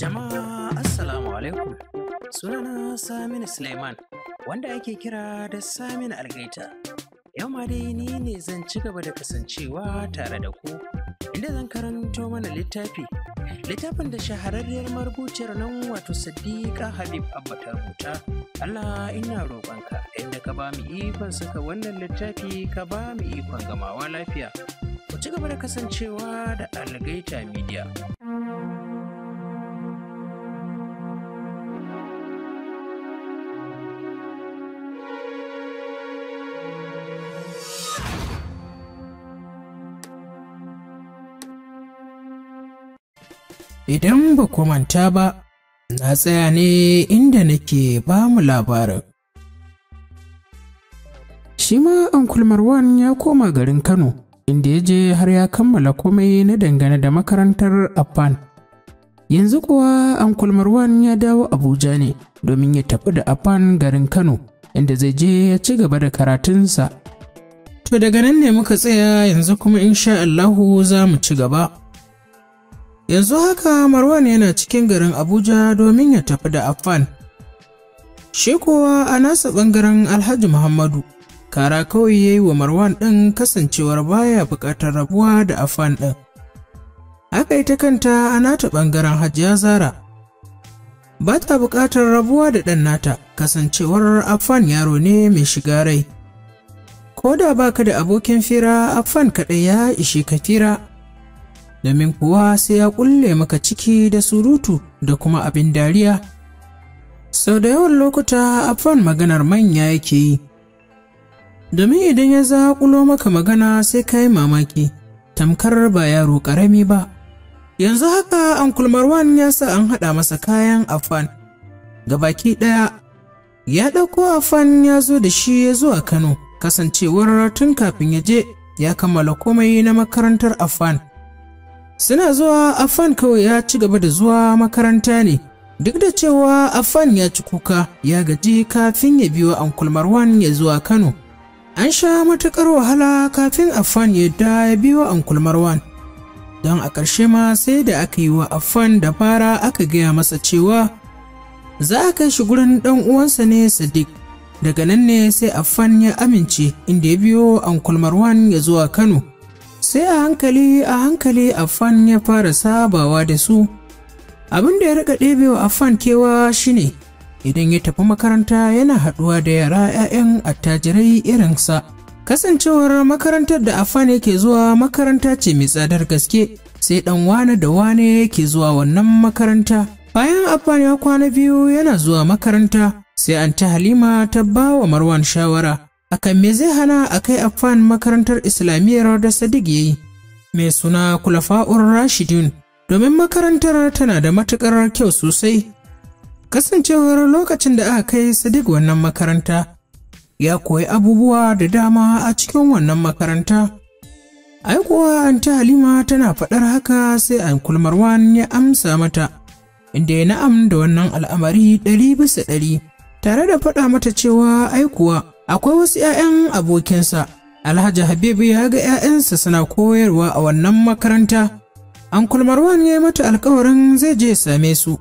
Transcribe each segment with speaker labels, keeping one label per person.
Speaker 1: Jama'a Assalamu alaikum. Sunana Saminu Suleiman wanda ake kira da Saminu Algaita. Yau ma dai ni ne zan ci gaba da kasancewa tare da ku inda zan karanto mana littafi. Littafin da shahararriyar marubuciyar nan wato Sadiqa Habib Abba ta rubuta. Allah ina roƙonka inda ka ba mu ikon saka wannan littafi ka ba mu ikon gamawa lafiya. Ku ci gaba da kasancewa da Algaita Media. idan ba manta ba na tsaya ne inda nake ba mu labarin shi ma ankul marwan ya koma garin kano inda ya je har ya kammala komai na dangane da makarantar afan yanzu kuwa ankul marwan ya dawo abuja ne domin ya tafi da afan garin kano inda zai je ya ci gaba da karatunsa to daga nan ne muka tsaya yanzu kuma insha Allahu za mu ci gaba Yanzu haka Marwan yana cikin garin Abuja domin ya tafi da Affan. Shi kowa a nasa ɓangaren Alhaji Muhammadu, kara kawai ya yi wa Marwan ɗin kasancewar baya buƙatar rabuwa da afan ɗin. Haka ta kanta a nata ɓangaren Hajiya Zara. Ba ta buƙatar rabuwa da ɗan nata, kasancewar afan yaro ne mai shiga rai. Ko da baka da abokin fira, afan kaɗai ya ishe ka fira. domin kuwa sai ya kulle maka ciki da surutu da kuma abin dariya. Sau da yawan lokuta afan maganar manya yake yi, domin idan ya kulo maka magana sai ka yi mamaki, tamkar ba yaro ƙarami ba. Yanzu haka an kulmarwan ya sa an haɗa masa kayan afan, ga baki ɗaya ya ɗauko afan ya zo da shi ya zuwa Kano, kasancewar tun kafin ya je ya kammala komai na makarantar afan. Suna zuwa Afan kawai ya ci gaba da zuwa makaranta ne. Duk da cewa Afan ya ci kuka ya gaji kafin ya biyo Uncle Marwan ya zuwa Kano. An sha matuƙar wahala kafin Afan ya da ya biyo Uncle Marwan. Don a ƙarshe ma sai da aka yi wa Afan da fara aka gaya masa cewa za a kai shi gurin ɗan uwansa ne Sadiq. Daga nan ne sai Afan ya amince inda ya biyo Uncle Marwan ya zuwa Kano. sai a hankali a hankali afan ya fara sabawa da su abin da ya rika ɗebewa afan kewa shine idan ya tafi makaranta yana haɗuwa da yara 'ya'yan attajirai irinsa kasancewar makarantar da afan yake zuwa makaranta ce mai tsadar gaske sai dan wane da wane yake zuwa wannan makaranta bayan afan ya kwana biyu yana zuwa makaranta sai an ta halima ta ba wa marwan shawara akan me zai hana a kai afan makarantar islamiyyar da sadiq yayi mai suna kulafa'ur rashidun domin makarantar tana da matukar kyau sosai kasancewar lokacin da aka kai sadiq wannan makaranta ya koyi abubuwa da dama a cikin wannan makaranta ai kuwa an halima tana faɗar haka sai an kulmarwan ya amsa mata inda ya na'am da wannan al'amari ɗari bisa ɗari tare da faɗa mata cewa ai kuwa akwai wasu 'ya'yan abokinsa alhaji habibu ya ga 'ya'yansa suna koyarwa a wannan makaranta an kulmarwan ya mata alkawarin zai je same su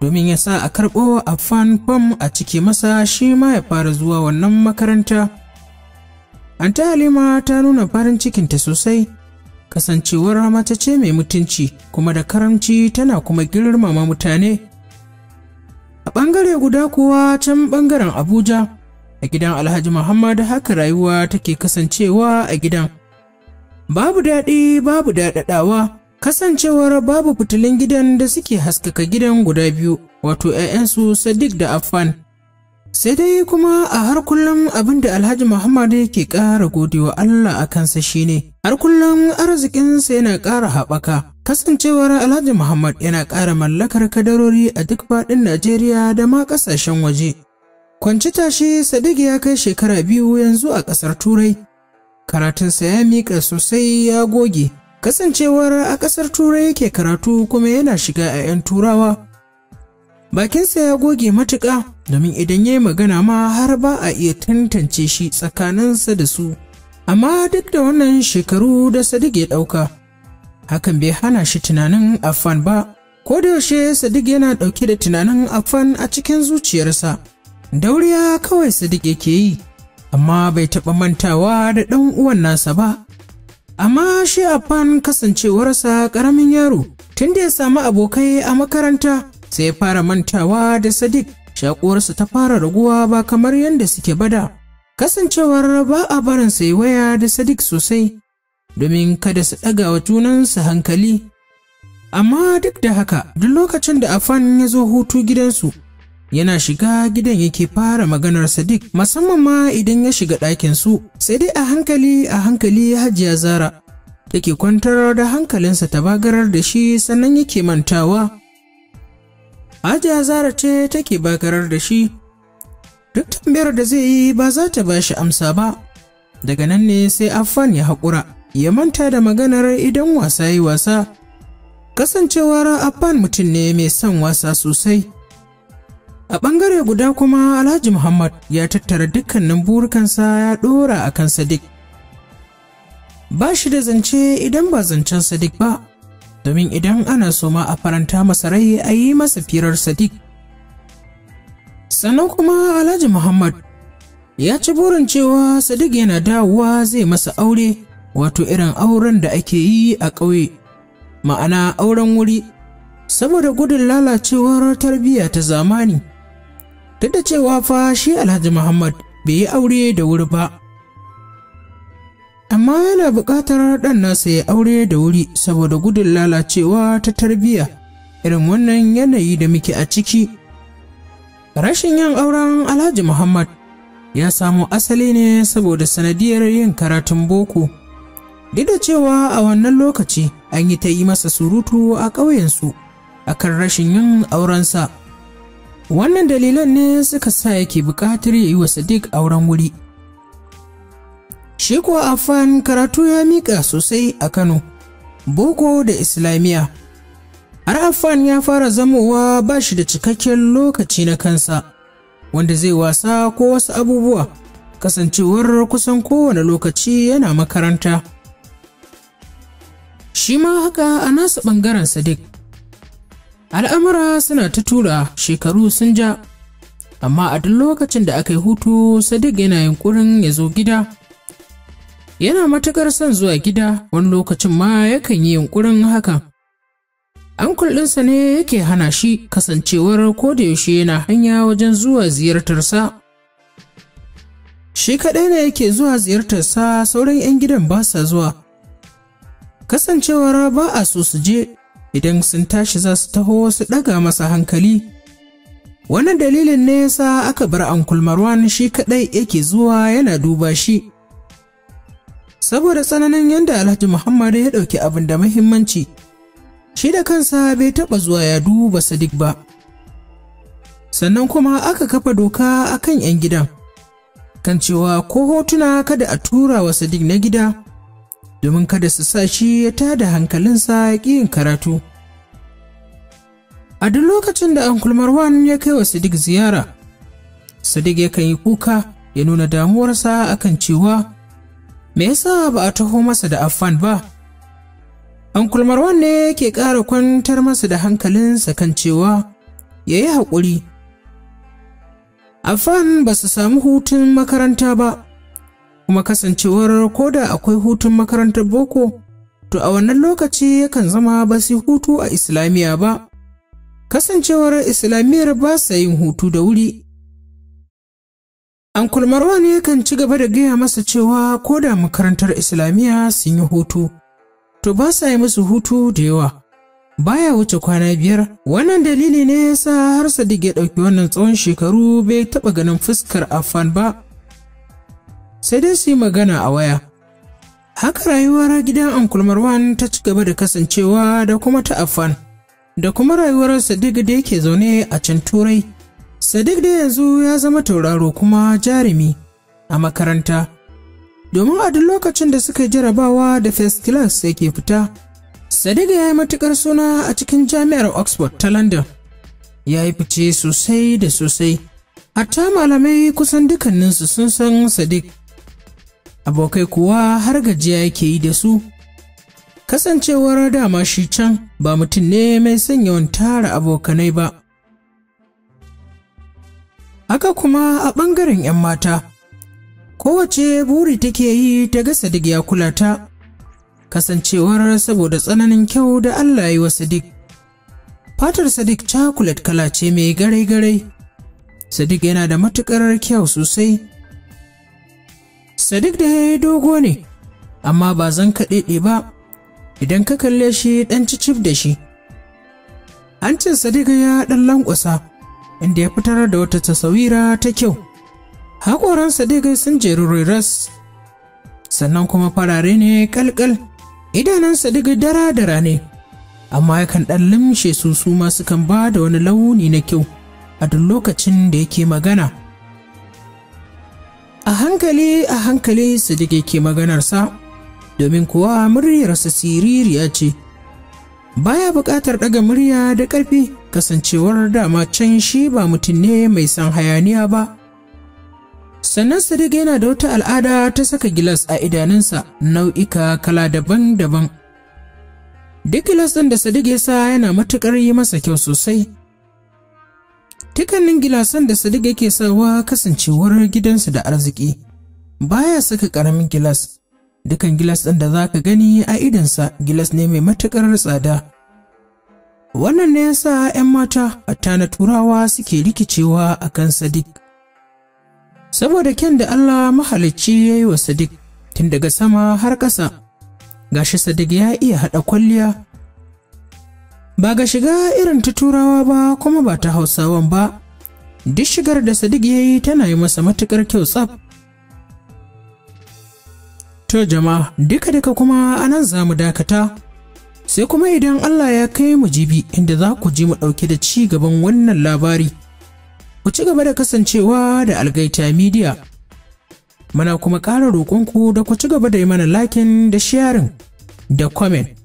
Speaker 1: domin ya sa a karɓo a fan fam a ciki masa shi ma ya fara zuwa wannan makaranta ta halima ta nuna farin cikinta sosai kasancewar mata ce mai mutunci kuma da karamci tana kuma girmama mutane a ɓangare guda kuwa can ɓangaren abuja a gidan alhaji muhammad haka rayuwa take kasancewa a gidan babu daɗi babu daɗaɗawa kasancewar babu fitilun gidan da suke haskaka gidan guda biyu wato 'ya'yansu sadiq da affan sai dai kuma a har kullum abin da alhaji muhammad yake ƙara godewa allah a kansa shi ne, har kullum arzikinsa yana ƙara haɓaka kasancewar alhaji muhammad yana ƙara mallakar kadarori a duk faɗin najeriya da ma ƙasashen waje Kwanci tashi Sadiq ya kai shekara biyu yanzu a ƙasar Turai. Karatunsa ya miƙa sosai ya goge, kasancewar a ƙasar Turai yake karatu kuma yana shiga a 'yan Turawa. Bakinsa ya goge matuƙa domin idan ya yi magana ma har ba a iya tantance shi tsakaninsa da su. Amma duk da wannan shekaru da Sadiq ya ɗauka, hakan bai hana shi tunanin afan ba, ko da yaushe Sadiq yana ɗauke da tunanin afan a cikin zuciyarsa. dauriya kawai sadiq yake yi amma bai taɓa mantawa da ɗan uwan nasa ba amma shi afan kasancewarsa ƙaramin yaro tun da ya samu abokai a makaranta sai ya fara mantawa da sadiq shakuwarsa ta fara raguwa ba kamar yadda suke bada kasancewar ba a barin sai waya da sadiq sosai domin kada su ɗaga wa junansu hankali amma duk da haka duk lokacin da afan ya zo hutu gidansu yana shiga gidan yake fara maganar sadiq musamman ma idan ya shiga ɗakin su sai dai a hankali a hankali hajiya zara take kwantar da hankalinsa ta bagarar da shi sannan yake mantawa hajiya zara ce take bagarar da shi duk tambayar da zai yi ba za ta ba shi amsa ba daga nan ne sai affan ya haƙura ya manta da maganar idan wasa yi wasa kasancewar affan mutum ne mai son wasa sosai A ɓangare guda kuma Alhaji Muhammad ya tattara dukkanin burukansa ya ɗora a kan Sadiq. Ba shi da zance idan ba zancen Sadiq ba, domin idan ana so ma a faranta masa rai a yi masa firar Sadiq. Sannan kuma Alhaji Muhammad ya ci burin cewa Sadiq yana dawowa zai masa aure, wato irin auren da ake yi a ƙauye, ma'ana auren wuri, saboda gudun lalacewar tarbiyya ta zamani. duk da cewa fa shi alhaji muhammad bai yi aure da wuri ba amma yana buƙatar ɗan nasa ya aure da wuri saboda gudun lalacewa ta tarbiyya irin wannan yanayi da muke a ciki rashin yin auren alhaji muhammad ya samu asali ne saboda sanadiyar yin karatun boko duk da cewa a wannan lokaci an yi ta yi masa surutu a ƙauyensu akan rashin yin aurensa wannan dalilan ne suka sa yake buƙatar yi wa sadiq auren wuri shi kuwa afan karatu ya miƙa sosai a kano boko da islamiyya har afan ya fara zamowa ba shi da cikakken lokaci na kansa wanda zai wasa ko wasu abubuwa kasancewar kusan kowane lokaci yana makaranta shi ma haka a nasu ɓangaren sadiq al'amura suna ta tura shekaru sun ja amma a duk lokacin da aka yi hutu sadiq yana yunkurin ya zo gida yana matukar son zuwa gida wani lokacin ma yakan yi yunkurin hakan An kulɗinsa ne yake hana shi kasancewar ko da yaushe yana hanya wajen zuwa ziyartarsa shi kaɗai ne yake zuwa ziyartarsa sauran 'yan gidan ba sa zuwa kasancewar ba a so su je idan sun tashi za su taho su ɗaga masa hankali wannan dalilin ne yasa aka bar ankul marwan shi kaɗai yake zuwa yana duba shi saboda tsananin yadda alhaji muhammad ya ɗauki abin da mahimmanci shi da kansa bai taɓa zuwa ya duba sadiq ba sannan kuma aka kafa doka akan 'yan gidan kan cewa ko hotuna kada a tura wa sadiq na gida domin kada su sa shi ya tada hankalinsa ya ƙi yin karatu. A duk lokacin da Uncle Marwan ya kai wa Sadiq ziyara, Sadiq yakan yi kuka ya nuna damuwarsa akan cewa me yasa ba a taho masa da Afan ba. Uncle Marwan ne ke ƙara kwantar masa da hankalinsa kan cewa ya yi haƙuri. Afan ba su samu hutun makaranta ba, kuma kasancewar koda akwai hutun makarantar boko to a wannan lokaci yakan zama ba su hutu a islamiyya ba kasancewar islamiyyar ba sa yin hutu da wuri kulmarwa ne yakan ci gaba da gaya masa cewa ko da makarantar Islamiyya sun yi hutu, to ba sa yi musu hutu da yawa. Baya wuce kwana biyar, wannan dalili ne ya sa har Sadiq ya ɗauki wannan tsawon shekaru bai taɓa ganin fuskar Afan ba. sai dai su yi magana a waya. Haka rayuwar gidan Uncle Marwan ta ci gaba da kasancewa da kuma ta Afan, da kuma rayuwar Sadiq da yake zaune a can Turai. Sadiq da yanzu ya zama tauraro kuma jarumi a makaranta. Domin a duk lokacin da suka jarabawa da first class yake fita, Sadiq ya yi matuƙar suna a cikin jami'ar Oxford ta London. Ya yi fice sosai da sosai, hatta malamai kusan dukanninsu sun san Sadiq. abokai kuwa har gajiya yake yi da su kasancewar dama shi can ba mutum ne mai son yawan tara abokanai ba haka kuma a ɓangaren 'yan mata kowace buri take yi ta ga sadiq ya kula ta kasancewar saboda tsananin kyau da allah ya yi wa sadiq fatar sadiq cakulet kala ce mai gare garai sadiq yana da matuƙar kyau sosai sadiq da ya dogo ne amma ba zan kaɗeɗe ba idan ka kalle shi ɗan cicif da shi An ce sadik ya ɗan lankwasa inda ya fitar da wata tasawira ta kyau haƙoran sadiq sun jeru ras sannan kuma farare ne ƙalƙal idanun sadiq dara-dara ne amma yakan ɗan limshe su su ma sukan ba da wani launi na kyau a duk lokacin da yake magana a hankali a hankali Sadiq ke maganarsa domin kuwa muryarsa siririya ce baya buƙatar ɗaga murya da ƙarfi kasancewar dama can shi ba mutum ne mai san hayaniya ba sannan sadiq yana da wata al'ada ta saka gilas a idanunsa nau'ika kala daban-daban duk gilas ɗin da su ya sa yana matuƙar yi masa kyau sosai Dukkanin gilasan da Sadiq yake sawa kasancewar gidansa da arziki baya saka karamin gilas. Dukan gilas ɗin da za ka gani a idansa gilas ne mai matuƙar tsada. Wannan ne yasa 'yan mata a tana turawa suke rikicewa akan kan Sadiq. Saboda kyan da Allah mahalicci ya yi wa Sadiq tun daga sama har ƙasa. Gashi Sadiq ya iya haɗa kwalliya ba ga shiga irin ta turawa ba kuma ba ta hausawan ba duk shigar da sadiq ya yi tana yi masa matuƙar kyau tsaf to jama'a duka-duka kuma anan za mu dakata sai kuma idan allah ya kai mu jibi inda za ku ji mu ɗauke da ci gaban wannan labari ku ci gaba da kasancewa da algaita media muna kuma ƙara roƙonku da ku ci gaba da yi mana lakin da sharing da comment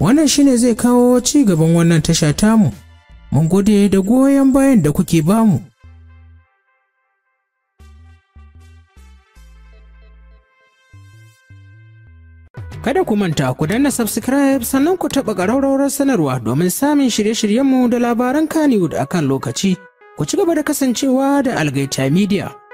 Speaker 1: Wannan shine zai kawo ci gaban wannan tasha tamu. Mun gode da goyon bayan da kuke bamu. Kada ku manta ku danna subscribe sannan ku taɓa ƙararrawar sanarwa domin samun shirye-shiryenmu da labaran Kannywood a kan lokaci. Ku ci gaba da kasancewa da Algaita Media.